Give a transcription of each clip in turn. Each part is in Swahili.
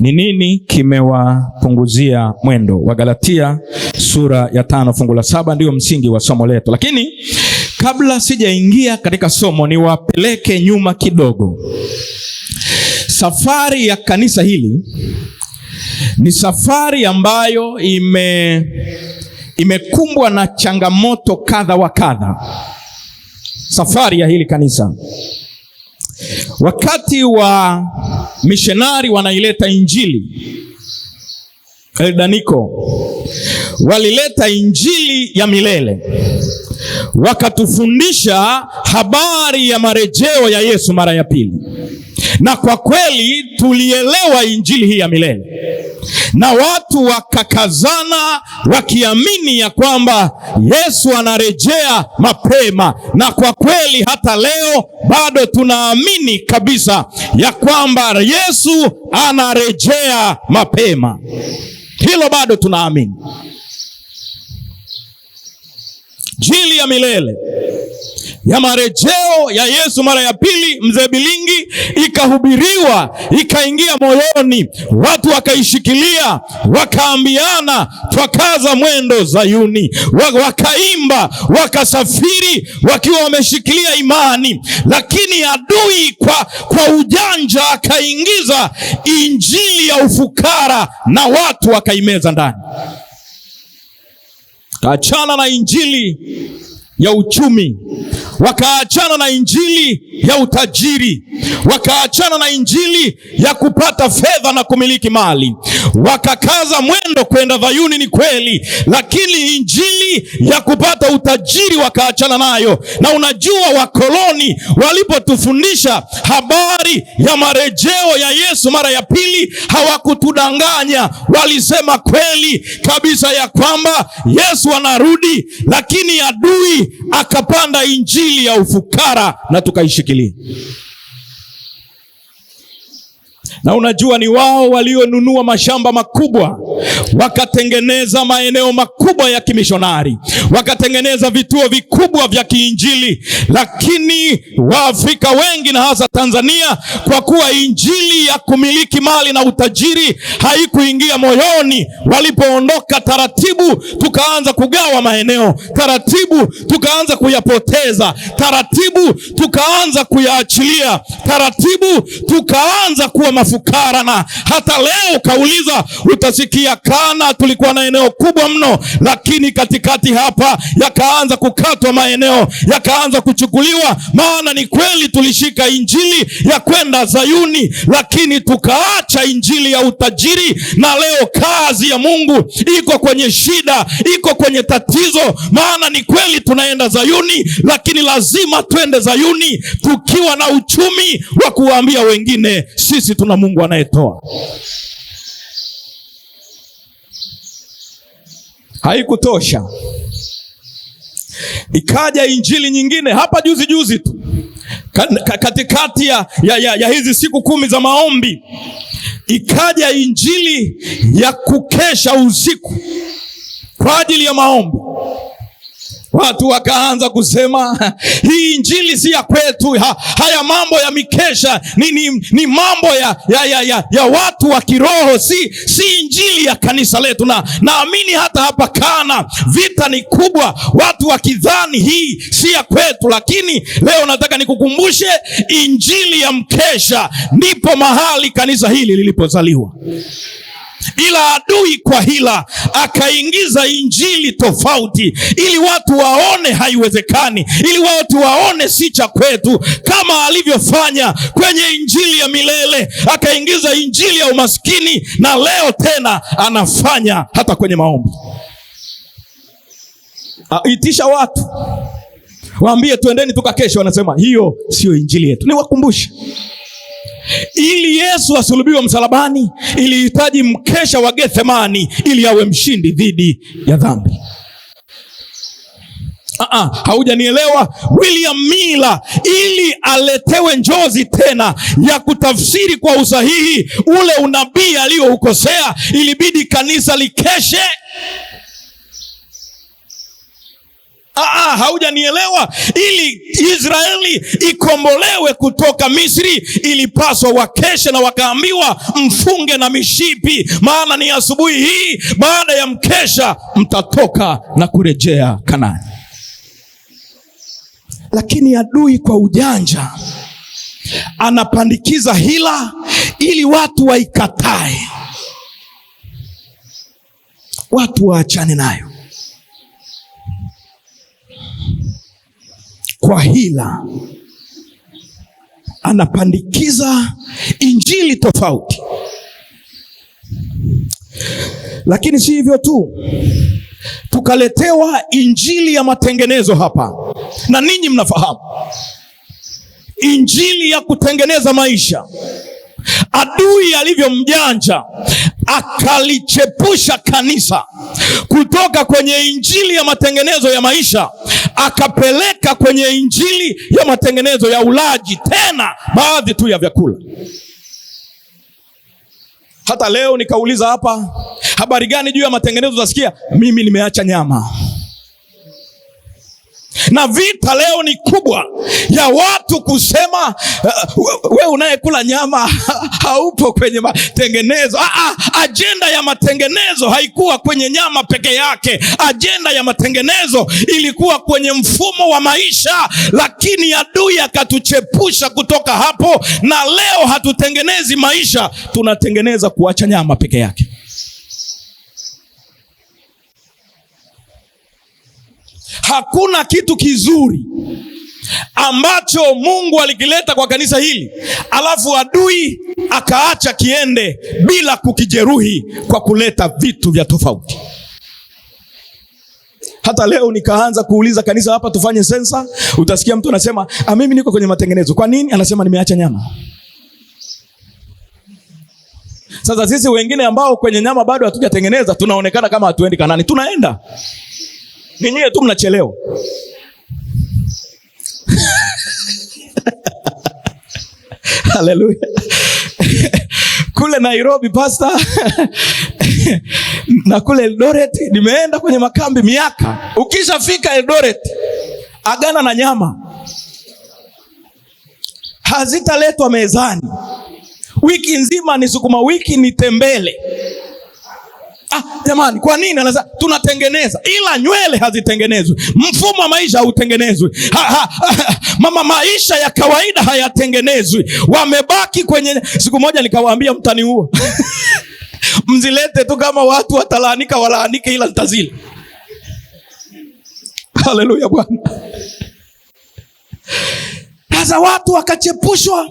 Ni nini kimewapunguzia mwendo? Wagalatia sura ya tano fungu la saba ndiyo msingi wa somo letu, lakini kabla sijaingia katika somo, niwapeleke nyuma kidogo. Safari ya kanisa hili ni safari ambayo ime imekumbwa na changamoto kadha wa kadha. Safari ya hili kanisa Wakati wa mishonari wanaileta injili Eldaniko, walileta injili ya milele, wakatufundisha habari ya marejeo ya Yesu mara ya pili na kwa kweli tulielewa injili hii ya milele na watu wakakazana wakiamini ya kwamba Yesu anarejea mapema, na kwa kweli hata leo bado tunaamini kabisa ya kwamba Yesu anarejea mapema. Hilo bado tunaamini. Injili ya milele ya marejeo ya Yesu mara ya pili, mzee Bilingi, ikahubiriwa ikaingia moyoni, watu wakaishikilia, wakaambiana twakaza mwendo Zayuni, wakaimba, wakasafiri wakiwa wameshikilia imani. Lakini adui kwa, kwa ujanja akaingiza injili ya ufukara na watu wakaimeza ndani kachana na injili ya uchumi, wakaachana na injili ya utajiri, wakaachana na injili ya kupata fedha na kumiliki mali, wakakaza mwendo kwenda Zayuni. Ni kweli, lakini injili ya kupata utajiri wakaachana nayo. Na unajua, wakoloni walipotufundisha habari ya marejeo ya Yesu mara ya pili, hawakutudanganya. Walisema kweli kabisa ya kwamba Yesu anarudi, lakini adui akapanda injili ya ufukara na tukaishikilia. Na unajua ni wao walionunua mashamba makubwa, wakatengeneza maeneo makubwa ya kimishonari, wakatengeneza vituo vikubwa vya kiinjili. Lakini Waafrika wengi na hasa Tanzania, kwa kuwa injili ya kumiliki mali na utajiri haikuingia moyoni, walipoondoka taratibu, tukaanza kugawa maeneo taratibu, tukaanza kuyapoteza taratibu, tukaanza kuyaachilia taratibu, tukaanza kuwa fukara, karana hata leo ukauliza utasikia Kana tulikuwa na eneo kubwa mno, lakini katikati hapa yakaanza kukatwa maeneo, yakaanza kuchukuliwa. Maana ni kweli tulishika injili ya kwenda Zayuni, lakini tukaacha injili ya utajiri, na leo kazi ya Mungu iko kwenye shida, iko kwenye tatizo. Maana ni kweli tunaenda Zayuni, lakini lazima twende Zayuni tukiwa na uchumi wa kuwaambia wengine sisi tuna Mungu anayetoa. Haikutosha, ikaja injili nyingine hapa juzi juzi tu katikati ya, ya, ya, ya hizi siku kumi za maombi ikaja injili ya kukesha usiku kwa ajili ya maombi. Watu wakaanza kusema hii injili si ya kwetu ha, haya mambo ya mikesha ni, ni, ni mambo ya, ya, ya, ya, ya watu wa kiroho si, si injili ya kanisa letu. Na naamini hata hapa Kana vita ni kubwa, watu wakidhani hii si ya kwetu, lakini leo nataka nikukumbushe injili ya mkesha, ndipo mahali kanisa hili lilipozaliwa ila adui kwa hila akaingiza injili tofauti, ili watu waone haiwezekani, ili watu waone si cha kwetu, kama alivyofanya kwenye injili ya milele. Akaingiza injili ya umaskini, na leo tena anafanya hata kwenye maombi. aitisha ah, watu waambie, tuendeni tukakesha, wanasema hiyo siyo injili yetu. Niwakumbushe. Ili Yesu asulubiwe msalabani, ilihitaji mkesha wa Gethemani ili awe mshindi dhidi ya dhambi. Uh-uh, haujanielewa. William Miller ili aletewe njozi tena ya kutafsiri kwa usahihi ule unabii aliyoukosea, ilibidi kanisa likeshe Ah, ah, haujanielewa. Ili Israeli ikombolewe kutoka Misri ilipaswa wakeshe na wakaambiwa, mfunge na mishipi, maana ni asubuhi hii, baada ya mkesha mtatoka na kurejea Kanaani. Lakini adui kwa ujanja anapandikiza hila ili watu waikatae, watu waachane nayo. kwa hila, anapandikiza injili tofauti. Lakini si hivyo tu, tukaletewa injili ya matengenezo hapa, na ninyi mnafahamu injili ya kutengeneza maisha. Adui alivyo mjanja akalichepusha kanisa kutoka kwenye injili ya matengenezo ya maisha akapeleka kwenye injili ya matengenezo ya ulaji, tena baadhi tu ya vyakula. Hata leo nikauliza hapa, habari gani juu ya matengenezo? nasikia mimi nimeacha nyama na vita leo ni kubwa ya watu kusema uh, we unayekula nyama haupo kwenye matengenezo. Aa, ah, ah, ajenda ya matengenezo haikuwa kwenye nyama peke yake. Ajenda ya matengenezo ilikuwa kwenye mfumo wa maisha, lakini adui akatuchepusha kutoka hapo, na leo hatutengenezi maisha, tunatengeneza kuacha nyama peke yake. Hakuna kitu kizuri ambacho Mungu alikileta kwa kanisa hili alafu adui akaacha kiende bila kukijeruhi kwa kuleta vitu vya tofauti. Hata leo nikaanza kuuliza kanisa hapa, tufanye sensa, utasikia mtu anasema ah, mimi niko kwenye matengenezo. Kwa nini? Anasema nimeacha nyama. Sasa sisi wengine ambao kwenye nyama bado hatujatengeneza tunaonekana kama hatuendi Kanani, tunaenda ni tu mnachelewa. Haleluya! kule Nairobi pasta na kule Eldoret nimeenda kwenye makambi miaka. Ukishafika Eldoret, agana na nyama, hazitaletwa mezani. Wiki nzima ni sukuma wiki, ni tembele Ah, jamani, kwa nini anasema tunatengeneza? Ila nywele hazitengenezwi, mfumo wa maisha hautengenezwi. ha, ha, ha, mama, maisha ya kawaida hayatengenezwi, wamebaki kwenye. Siku moja nikawaambia mtani huo mzilete tu, kama watu watalaanika walaanike, ila ntazile. Haleluya Bwana sasa watu wakachepushwa,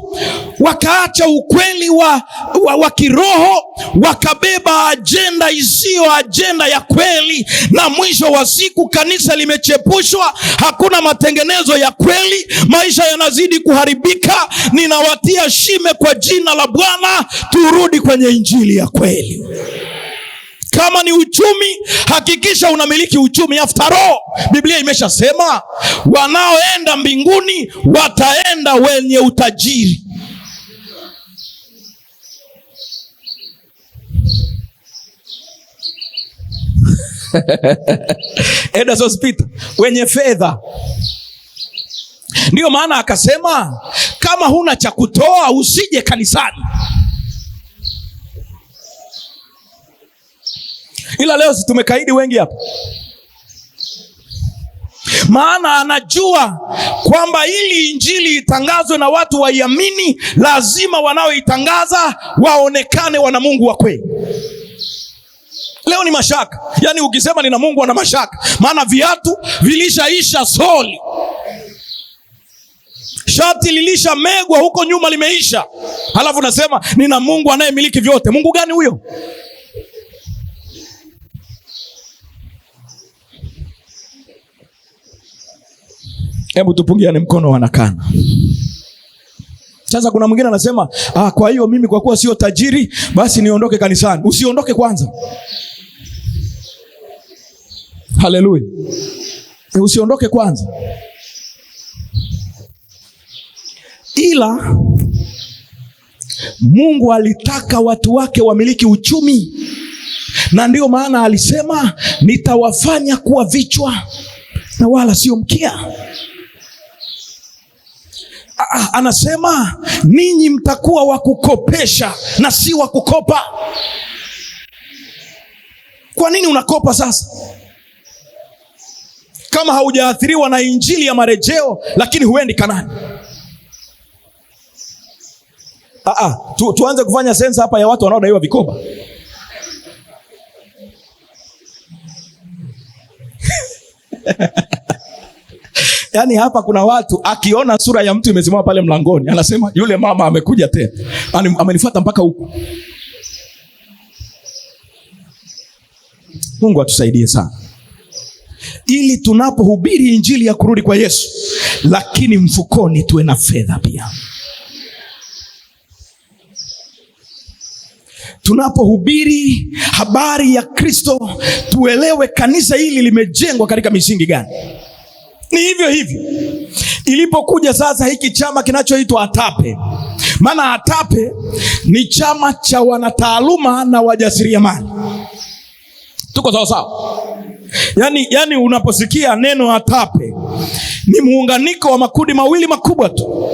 wakaacha ukweli wa, wa, wa kiroho, wakabeba ajenda isiyo ajenda ya kweli, na mwisho wa siku kanisa limechepushwa. Hakuna matengenezo ya kweli, maisha yanazidi kuharibika. Ninawatia shime kwa jina la Bwana, turudi kwenye injili ya kweli kama ni uchumi hakikisha unamiliki uchumi aftaro biblia imeshasema wanaoenda mbinguni wataenda wenye utajiri edasospita wenye fedha ndiyo maana akasema kama huna cha kutoa usije kanisani ila leo situmekaidi tumekaidi wengi hapa maana anajua kwamba ili injili itangazwe na watu waiamini, lazima wanaoitangaza waonekane wana Mungu wa kweli. Leo ni mashaka, yaani ukisema nina Mungu ana mashaka, maana viatu vilishaisha soli, shati lilishamegwa huko nyuma limeisha, halafu nasema nina Mungu anayemiliki vyote. Mungu gani huyo? Hebu tupungiane mkono wanakana. Sasa kuna mwingine anasema ah, kwa hiyo mimi kwa kuwa sio tajiri basi niondoke kanisani. Usiondoke kwanza. Haleluya, eh, usiondoke kwanza, ila Mungu alitaka watu wake wamiliki uchumi, na ndiyo maana alisema nitawafanya kuwa vichwa na wala sio mkia. Ah, ah, anasema ninyi mtakuwa wa kukopesha na si wa kukopa. Kwa nini unakopa sasa kama haujaathiriwa na injili ya marejeo, lakini huendi Kanani? Aa, ah, tu, tuanze kufanya sensa hapa ya watu wanaodaiwa vikoba Yaani hapa kuna watu akiona sura ya mtu imesimama pale mlangoni, anasema yule mama amekuja tena, amenifuata mpaka huku. Mungu atusaidie sana ili tunapohubiri injili ya kurudi kwa Yesu, lakini mfukoni tuwe na fedha pia. Tunapohubiri habari ya Kristo, tuelewe kanisa hili limejengwa katika misingi gani. Ni hivyo hivyo ilipokuja sasa hiki chama kinachoitwa ATAPE. Maana ATAPE ni chama cha wanataaluma na wajasiriamali. Tuko sawasawa? Yani, yani unaposikia neno ATAPE ni muunganiko wa makundi mawili makubwa tu,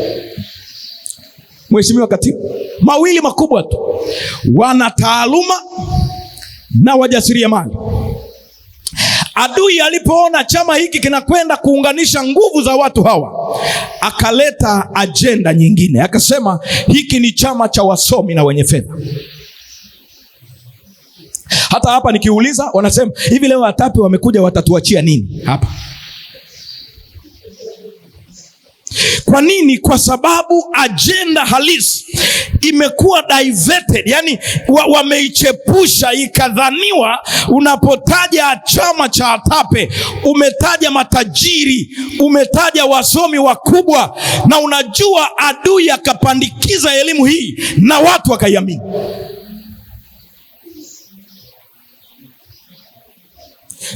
Mheshimiwa Katibu, mawili makubwa tu, wanataaluma na wajasiriamali. Adui alipoona chama hiki kinakwenda kuunganisha nguvu za watu hawa, akaleta ajenda nyingine, akasema hiki ni chama cha wasomi na wenye fedha. Hata hapa nikiuliza, wanasema hivi leo watapi wamekuja watatuachia nini hapa? Kwa nini? Kwa sababu ajenda halisi imekuwa diverted, yani wameichepusha wa ikadhaniwa, unapotaja chama cha Atape umetaja matajiri, umetaja wasomi wakubwa, na unajua adui akapandikiza elimu hii na watu wakaiamini.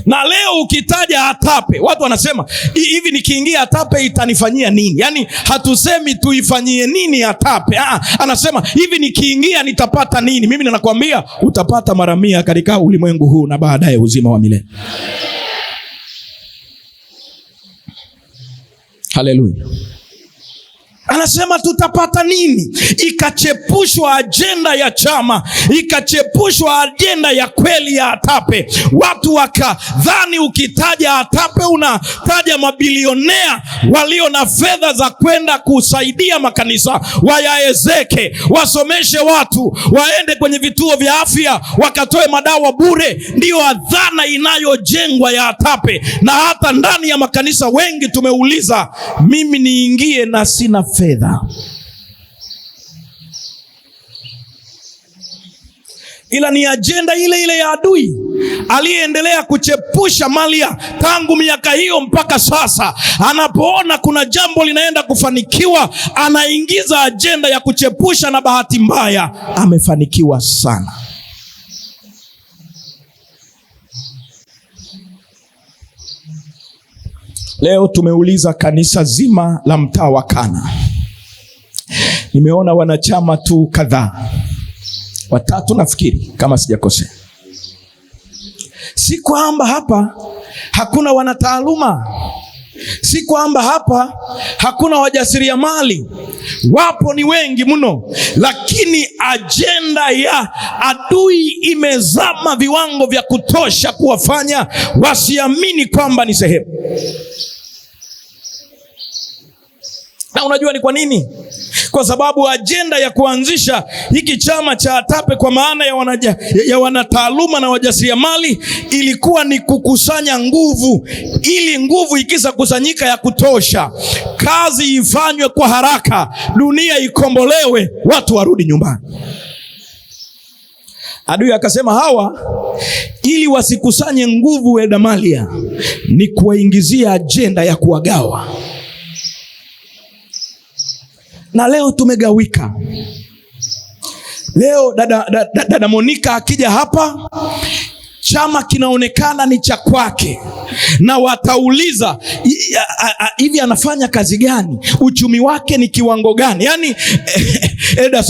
na leo ukitaja atape watu wanasema hivi nikiingia atape itanifanyia nini yaani hatusemi tuifanyie nini atape Aa, ah, anasema hivi nikiingia nitapata nini mimi ninakwambia utapata mara mia katika ulimwengu huu na baadaye uzima wa milele haleluya anasema tutapata nini ikachepushwa ajenda ya chama ikachepushwa ajenda ya kweli ya atape watu wakadhani ukitaja atape unataja mabilionea walio na fedha za kwenda kusaidia makanisa wayaezeke wasomeshe watu waende kwenye vituo vya afya wakatoe madawa bure ndiyo dhana inayojengwa ya atape na hata ndani ya makanisa wengi tumeuliza mimi niingie na sina fedha fedha, ila ni ajenda ile ile ya adui aliyeendelea kuchepusha Malia tangu miaka hiyo mpaka sasa. Anapoona kuna jambo linaenda kufanikiwa, anaingiza ajenda ya kuchepusha, na bahati mbaya amefanikiwa sana. Leo tumeuliza kanisa zima la mtaa wa Kana nimeona wanachama tu kadhaa, watatu nafikiri, kama sijakosea. Si kwamba hapa hakuna wanataaluma, si kwamba hapa hakuna wajasiriamali, wapo, ni wengi mno, lakini ajenda ya adui imezama viwango vya kutosha kuwafanya wasiamini kwamba ni sehemu. Na unajua ni kwa nini? kwa sababu ajenda ya kuanzisha hiki chama cha ATAPE kwa maana ya, wanaja, ya wanataaluma na wajasiriamali ilikuwa ni kukusanya nguvu, ili nguvu ikisakusanyika ya kutosha, kazi ifanywe kwa haraka, dunia ikombolewe, watu warudi nyumbani. Adui akasema hawa ili wasikusanye nguvu, Edamalia, ni kuwaingizia ajenda ya kuwagawa na leo tumegawika. Leo dada, dada, dada Monika akija hapa chama kinaonekana ni cha kwake, na watauliza hivi anafanya kazi gani? Uchumi wake ni kiwango gani? Yaani elders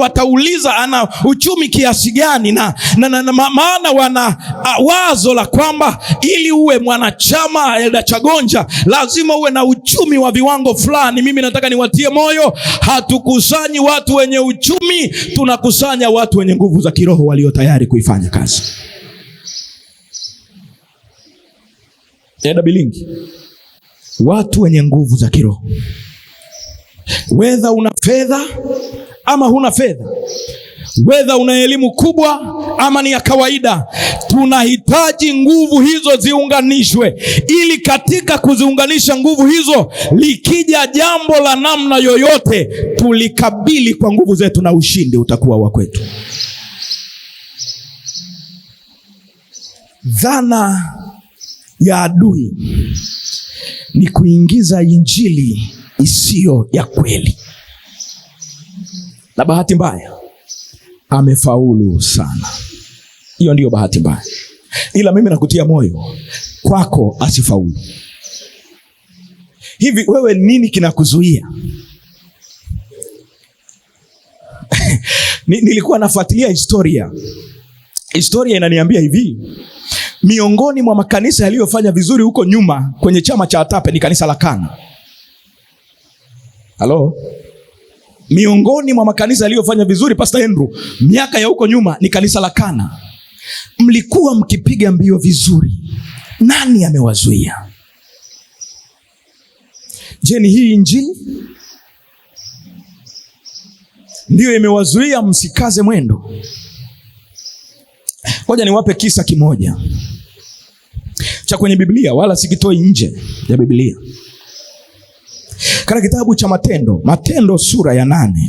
watauliza ana uchumi kiasi gani na, na, na, na maana wana a, wazo la kwamba ili uwe mwanachama elda chagonja lazima uwe na uchumi wa viwango fulani. Mimi nataka niwatie moyo, hatukusanyi watu wenye uchumi, tunakusanya watu wenye nguvu za kiroho walio tayari kuifanya kazi. Eda Bilingi, watu wenye nguvu za kiroho Wedha una fedha ama huna fedha, wedha una elimu kubwa ama ni ya kawaida, tunahitaji nguvu hizo ziunganishwe, ili katika kuziunganisha nguvu hizo, likija jambo la namna yoyote, tulikabili kwa nguvu zetu na ushindi utakuwa wa kwetu. Dhana ya adui ni kuingiza Injili isiyo ya kweli, na bahati mbaya amefaulu sana. Hiyo ndiyo bahati mbaya, ila mimi nakutia moyo kwako asifaulu. Hivi wewe nini kinakuzuia? Nilikuwa nafuatilia historia, historia inaniambia hivi, miongoni mwa makanisa yaliyofanya vizuri huko nyuma kwenye chama cha Atape ni kanisa la Kana. Halo? Miongoni mwa makanisa yaliyofanya vizuri Pastor Andrew, miaka ya huko nyuma ni kanisa la Kana. Mlikuwa mkipiga mbio vizuri, nani amewazuia? Je, ni hii injili ndiyo imewazuia msikaze mwendo? Ngoja niwape kisa kimoja cha kwenye Biblia, wala sikitoi nje ya Biblia katika kitabu cha Matendo, Matendo sura ya nane